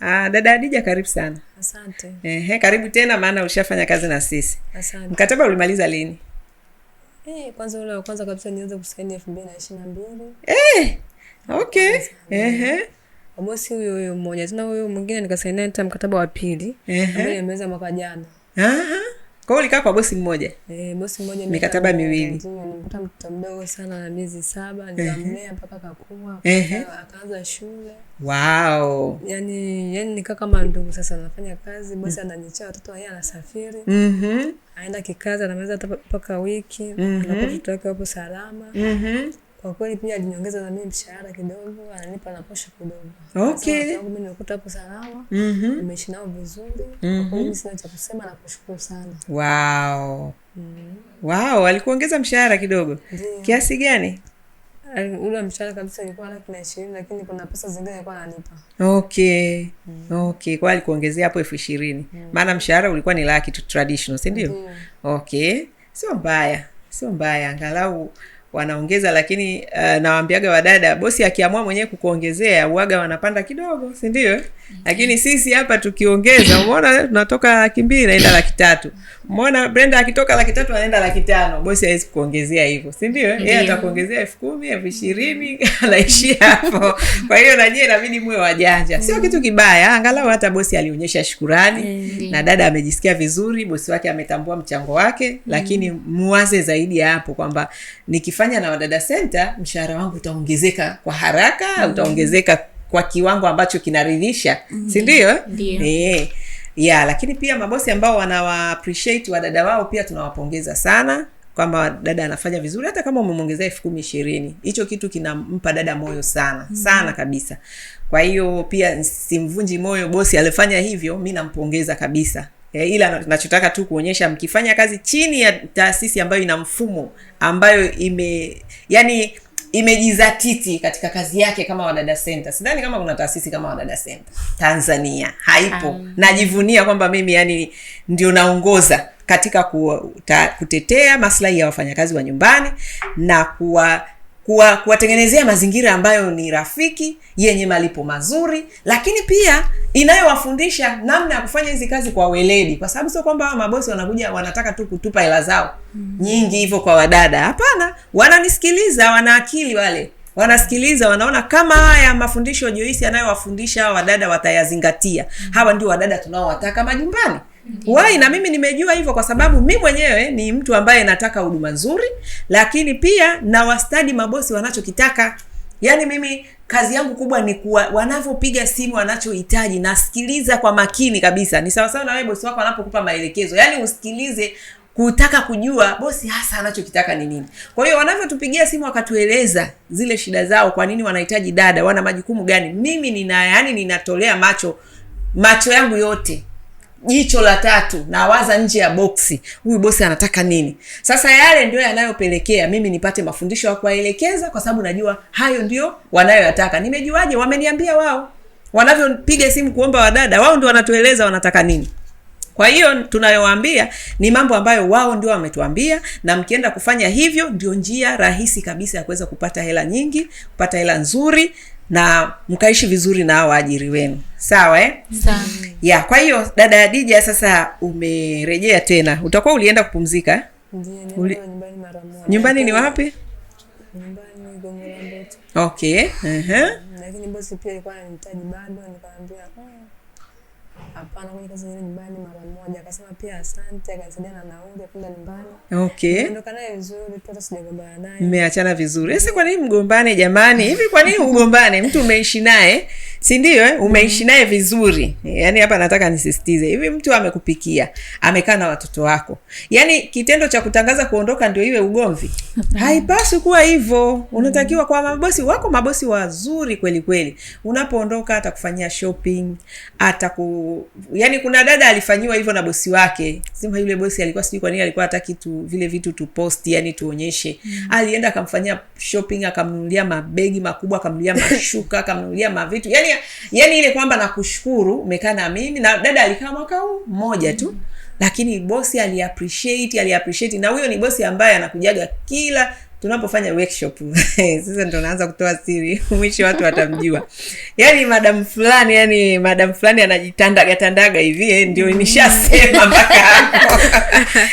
Ah, dada Hadija karibu sana. Asante. Ehe, karibu tena maana ushafanya kazi na sisi. Asante. Mkataba ulimaliza lini? Eh, kwanza ule wa kwanza kabisa nianze kusaini 2022. Eh. Okay. Ehe. Amosi huyo huyo mmoja tena huyo mwingine nikasaini tena mkataba wa pili. Ehe. Ambaye nimeweza mwaka jana. Aha. Kwa hiyo ulikaa kwa bosi mmoja? Eh, bosi mmoja mikataba miwili. Nilikuta mtoto mdogo sana na miezi saba nikamlea mpaka akakua, akaanza shule. wao yani yani nikaa kama ndugu sasa nafanya kazi, bosi ananichia watoto yeye anasafiri. Mhm. Aenda kikazi anamaliza mpaka wiki, mhm. anakuta watoto wake wapo salama. Mhm. Kwa kweli pia aliniongeza na mimi mshahara kidogo, ananipa na posho kidogo. Okay. Sababu mimi nilikuta hapo salama. Mhm. Nimeishi nao vizuri. Kwa kweli mhm. sina cha kusema na kushukuru sana. Wow. Mm. Wow, alikuongeza mshahara kidogo. Ndiyo. Kiasi gani? Ule mshahara kabisa ilikuwa laki na ishirini lakini kuna pesa zingine alikuwa ananipa. Okay. Mm. Okay, kwa alikuongezea hapo elfu ishirini. Mhm. Maana mshahara ulikuwa ni laki tu traditional, si ndio? Okay. Sio mbaya. Sio mbaya. Angalau wanaongeza, lakini uh, eh, nawambiaga wadada, bosi akiamua mwenyewe kukuongezea uaga wanapanda kidogo, si ndio? mm -hmm. Lakini sisi hapa tukiongeza, umeona tunatoka laki mbili naenda laki tatu. mona Brenda akitoka laki tatu anaenda laki tano, bosi awezi kukuongezea hivyo, si ndio? Yeye atakuongezea elfu kumi elfu ishirini anaishia hapo. Kwa hiyo na nyie inabidi muwe wajanja, sio mm. kitu kibaya, angalau hata bosi alionyesha shukurani mm -hmm. na dada amejisikia vizuri, bosi wake ametambua mchango wake, mm. lakini muwaze zaidi ya hapo kwamba nikif nikifanya na Wadada Center mshahara wangu utaongezeka kwa haraka mm. utaongezeka kwa kiwango ambacho kinaridhisha mm. si ndio? Eh, eh. ya lakini pia mabosi ambao wanawa appreciate wadada wao pia tunawapongeza sana kwamba dada anafanya vizuri, hata kama umemwongezea elfu kumi ishirini, hicho kitu kinampa dada moyo sana mm. sana kabisa. Kwa hiyo pia simvunji moyo bosi alifanya hivyo, mi nampongeza kabisa E, ila nachotaka tu kuonyesha mkifanya kazi chini ya taasisi ambayo ina mfumo ambayo ime yani imejizatiti katika kazi yake kama Wadada Center. Sidhani kama kuna taasisi kama Wadada Center Tanzania, haipo ah. Najivunia kwamba mimi yani ndio naongoza katika kutetea maslahi ya wafanyakazi wa nyumbani na kuwa kuwa, kuwatengenezea mazingira ambayo ni rafiki yenye malipo mazuri, lakini pia inayowafundisha namna ya kufanya hizi kazi kwa weledi, kwa sababu sio kwamba hawa mabosi wanakuja wanataka tu kutupa hela zao mm, nyingi hivyo kwa wadada. Hapana, wananisikiliza, wana akili wale wanasikiliza wanaona kama haya mafundisho joisi anayowafundisha hawa wadada watayazingatia. Mm-hmm. Hawa ndio wadada tunaowataka majumbani. Wai na mimi nimejua hivyo kwa sababu mi mwenyewe ni mtu ambaye nataka huduma nzuri, lakini pia na wastadi mabosi wanachokitaka. Yaani mimi kazi yangu kubwa ni kuwa wanavyopiga simu wanachohitaji, nasikiliza kwa makini kabisa. Ni sawasawa na wewe bosi wako anapokupa maelekezo, yaani usikilize kutaka kujua bosi hasa anachokitaka ni nini. Kwa hiyo wanavyotupigia simu wakatueleza zile shida zao, kwa nini wanahitaji dada, wana majukumu gani, mimi nina yaani ninatolea macho macho yangu yote jicho la tatu na waza nje ya boksi, huyu bosi anataka nini? Sasa yale ndio yanayopelekea mimi nipate mafundisho ya kuwaelekeza, kwa sababu najua hayo ndio wanayoyataka. Nimejuaje? Wameniambia wao, wanavyopiga simu kuomba wadada wao, ndio wanatueleza wanataka nini. Kwa hiyo tunayowaambia ni mambo ambayo wao ndio wametuambia, na mkienda kufanya hivyo, ndio njia rahisi kabisa ya kuweza kupata hela nyingi, kupata hela nzuri na mkaishi vizuri na waajiri wenu sawa, eh? Sawa. Ya, kwa hiyo dada Adija, sasa umerejea tena, utakuwa ulienda kupumzika eh? Uli... nyumbani, ni wapi? okay. uh -huh. Lakini bosi pia alikuwa ananihitaji bado, nikamwambia ah, hapana kwenye kazi nyingine nyumbani mara moja, akasema pia asante, akanisaidia na nauli kwenda nyumbani. Okay, ndoka naye vizuri tu, hata sijagombana naye. Mmeachana vizuri. Sasa kwa nini mgombane jamani? Hivi kwa nini ugombane? mtu umeishi naye si ndio eh? Umeishi mm-hmm. naye vizuri, yani hapa nataka nisistize hivi, mtu amekupikia, amekaa na watoto wako, yani kitendo cha kutangaza kuondoka ndio iwe ugomvi? Haipaswi kuwa hivyo. Mm-hmm. Unatakiwa kwa mabosi wako, mabosi wazuri kweli kweli, unapoondoka atakufanyia shopping, ataku yani kuna dada alifanyiwa hivyo na bosi wake, sema yule bosi alikuwa sijui kwa nini alikuwa hataki tu vile vitu tu post, yani tuonyeshe, mm-hmm. alienda akamfanyia shopping, akamnunulia mabegi makubwa, akamnulia mashuka, akamnunulia mavitu yani hiyo yani ile kwamba nakushukuru umekaa na mimi na dada alikaa mwaka huu mmoja tu mm. Lakini bosi aliappreciate aliappreciate, na huyo ni bosi ambaye anakujaga kila tunapofanya workshop sasa ndo naanza kutoa siri mwisho watu watamjua yani madam fulani yani madam fulani anajitandaga tandaga hivi eh, ndio mm. nishasema mpaka hapo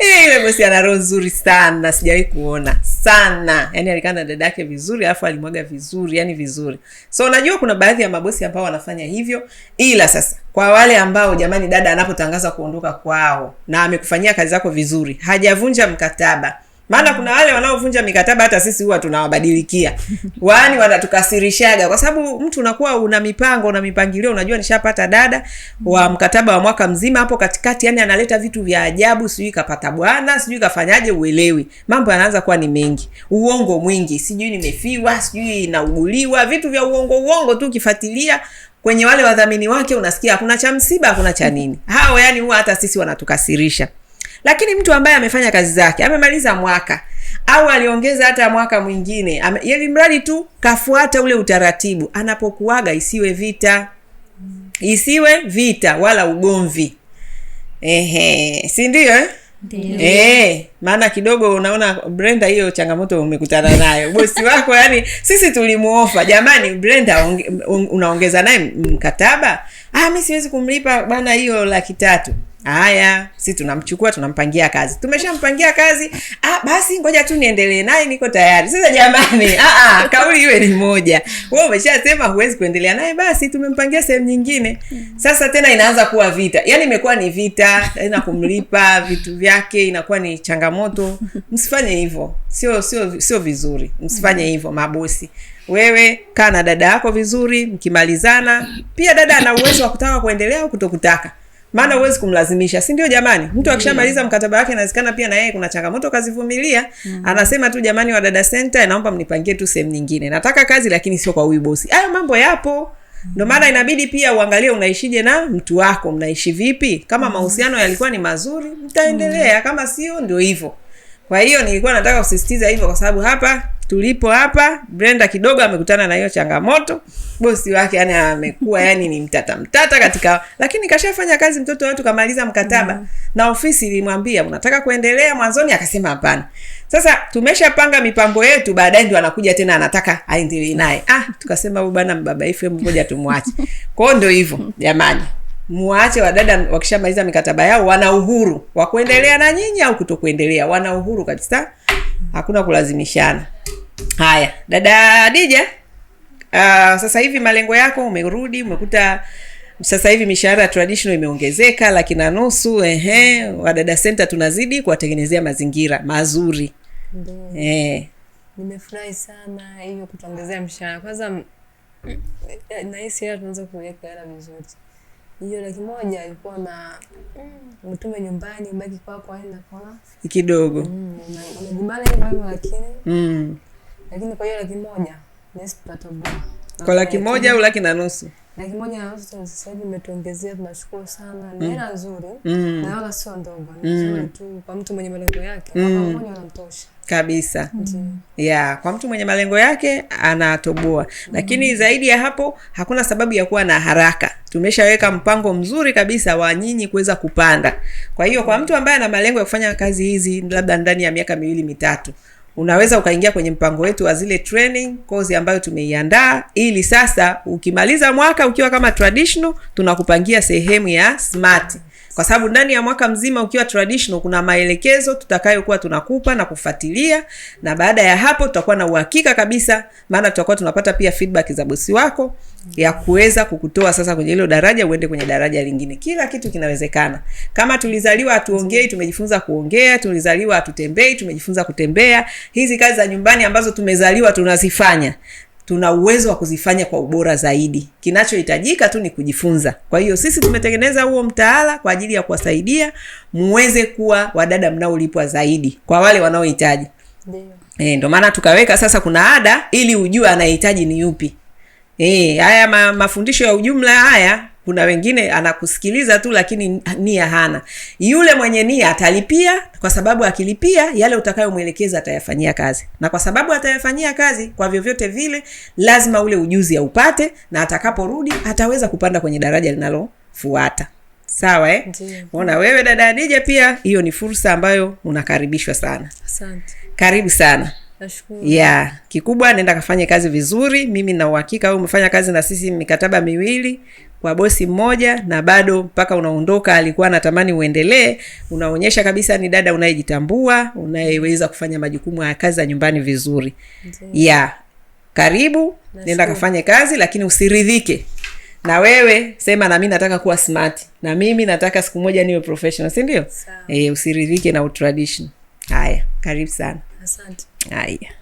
ile eh, bosi ana roho nzuri sana sijawahi kuona sana yani alikaa na dada yake vizuri alafu alimwaga vizuri yani vizuri so unajua kuna baadhi ya mabosi ambao wanafanya hivyo ila sasa kwa wale ambao jamani dada anapotangaza kuondoka kwao na amekufanyia kazi zako vizuri hajavunja mkataba maana kuna wale wanaovunja mikataba hata sisi huwa tunawabadilikia, wani wanatukasirishaga, kwa sababu mtu unakuwa una mipango na mipangilio, unajua nishapata dada wa mkataba wa mwaka mzima, hapo katikati yani analeta vitu vya ajabu, sijui kapata bwana, sijui kafanyaje, uelewi. Mambo yanaanza kuwa ni mengi, uongo mwingi, sijui nimefiwa, sijui nauguliwa, vitu vya uongo uongo tu, ukifuatilia kwenye wale wadhamini wake unasikia kuna cha msiba, kuna cha nini. Hao yani huwa hata sisi wanatukasirisha. Lakini mtu ambaye amefanya kazi zake, amemaliza mwaka au aliongeza hata mwaka mwingine, yeli mradi tu kafuata ule utaratibu, anapokuaga isiwe vita, isiwe vita wala ugomvi. Ehe, si eh? ndio eh? maana kidogo unaona Brenda, hiyo changamoto umekutana nayo bosi wako. Yani sisi tulimuofa, jamani Brenda unaongeza naye mkataba. Ah, mi siwezi kumlipa bana hiyo laki tatu. Haya, si tunamchukua tunampangia kazi, tumeshampangia kazi. Ah, basi ngoja tu niendelee naye, niko tayari sasa. Jamani, ah, ah, kauli iwe ni moja. Wewe umeshasema huwezi kuendelea naye, basi tumempangia sehemu nyingine. Sasa tena inaanza kuwa vita, yaani imekuwa ni vita na kumlipa vitu vyake inakuwa ni changamoto. Msifanye hivyo, sio sio sio vizuri, msifanye hivyo mabosi. Wewe kaa na dada yako vizuri, mkimalizana. Pia dada ana uwezo wa kutaka kuendelea au kutokutaka maana huwezi kumlazimisha, si ndio? Jamani, mtu akishamaliza mkataba wake, nawezekana pia na yeye kuna changamoto kazivumilia. mm -hmm. Anasema tu jamani, wa dada center, naomba mnipangie tu sehemu nyingine, nataka kazi lakini sio kwa huyu bosi. Hayo mambo yapo. Mm. ndo maana inabidi pia uangalie unaishije na mtu wako, mnaishi vipi? Kama mm. mahusiano yalikuwa ni mazuri, mtaendelea. Mm. Kama sio, ndio hivyo. Kwa hiyo nilikuwa nataka kusisitiza hivyo, kwa sababu hapa tulipo hapa, Brenda kidogo amekutana na hiyo changamoto. Bosi wake yani amekuwa yani ni mtata mtata katika, lakini kashafanya kazi mtoto wetu kamaliza mkataba mm. na ofisi ilimwambia unataka kuendelea, mwanzoni akasema hapana. Sasa tumeshapanga mipango yetu, baadaye ndio anakuja tena anataka aendelee naye. Ah, tukasema huyu bwana ife mmoja tumwache. Kwa hiyo ndio hivyo jamani, muache wadada wakishamaliza mikataba yao, wana uhuru wa kuendelea na nyinyi au kutokuendelea, wana uhuru kabisa hakuna kulazimishana. Haya, dada Dija, uh, sasa hivi malengo yako, umerudi umekuta sasa hivi mishahara ya traditional imeongezeka laki na nusu. Ehe, Wadada Center tunazidi kuwatengenezea mazingira mazuri. Eh, nimefurahi sana hiyo kutuongezea mshahara kwanza, mm, eh, nahisi hela tunaweza kuweka hela vizuri laki moja alikuwa na mtume nyumbani ubaki kwako aenda kwa kidogo unajumbana mm, hivyo lakini mm. lakini kwa hiyo laki moja nesi tutatoboa kwa laki moja au laki na nusu laki moja na nusu sasa hivi imetuongezea, tunashukuru sana. Ni mm. hela nzuri mm. na wala sio ndogo, ni nzuri mm. tu kwa mtu mwenye malengo yake mm. mmoja anamtosha kabisa mm. ya kwa mtu mwenye malengo yake anatoboa, lakini mm. zaidi ya hapo hakuna sababu ya kuwa na haraka. Tumeshaweka mpango mzuri kabisa wa nyinyi kuweza kupanda. Kwa hiyo kwa mm. mtu ambaye ana malengo ya kufanya kazi hizi labda ndani ya miaka miwili mitatu unaweza ukaingia kwenye mpango wetu wa zile training course ambayo tumeiandaa, ili sasa ukimaliza mwaka ukiwa kama traditional, tunakupangia sehemu ya smart kwa sababu ndani ya mwaka mzima ukiwa traditional, kuna maelekezo tutakayokuwa tunakupa na kufuatilia, na baada ya hapo tutakuwa na uhakika kabisa, maana tutakuwa tunapata pia feedback za bosi wako ya kuweza kukutoa sasa kwenye hilo daraja uende kwenye daraja lingine. Kila kitu kinawezekana. Kama tulizaliwa hatuongei, tumejifunza kuongea. Tulizaliwa hatutembei, tumejifunza kutembea. Hizi kazi za nyumbani ambazo tumezaliwa tunazifanya, tuna uwezo wa kuzifanya kwa ubora zaidi. Kinachohitajika tu ni kujifunza. Kwa hiyo sisi tumetengeneza huo mtaala kwa ajili ya kuwasaidia muweze kuwa wadada mnaolipwa zaidi kwa wale wanaohitaji. E, ndio maana tukaweka sasa kuna ada ili ujue anayehitaji ni yupi. E, haya ma, mafundisho ya ujumla haya kuna wengine anakusikiliza tu, lakini nia hana. Yule mwenye nia atalipia, kwa sababu akilipia yale utakayomwelekeza atayafanyia kazi, na kwa sababu atayafanyia kazi, kwa vyovyote vile lazima ule ujuzi aupate, na atakaporudi ataweza kupanda kwenye daraja linalofuata. Sawa eh? Ona wewe dada Adija, pia hiyo ni fursa ambayo unakaribishwa sana. Asante. Karibu sana. Yeah, kikubwa nenda kafanye kazi vizuri. Mimi na uhakika wewe umefanya kazi na sisi mikataba miwili kwa bosi mmoja, na bado mpaka unaondoka alikuwa anatamani uendelee. Unaonyesha kabisa ni dada unayejitambua, unayeweza kufanya majukumu ya kazi za nyumbani vizuri. Yeah, karibu. Nashukuru. Nenda kafanye kazi, lakini usiridhike na wewe sema, nami nataka kuwa smart, na mimi nataka siku moja niwe professional, si eh, usiridhike na utradition. Haya, karibu sana. Asante.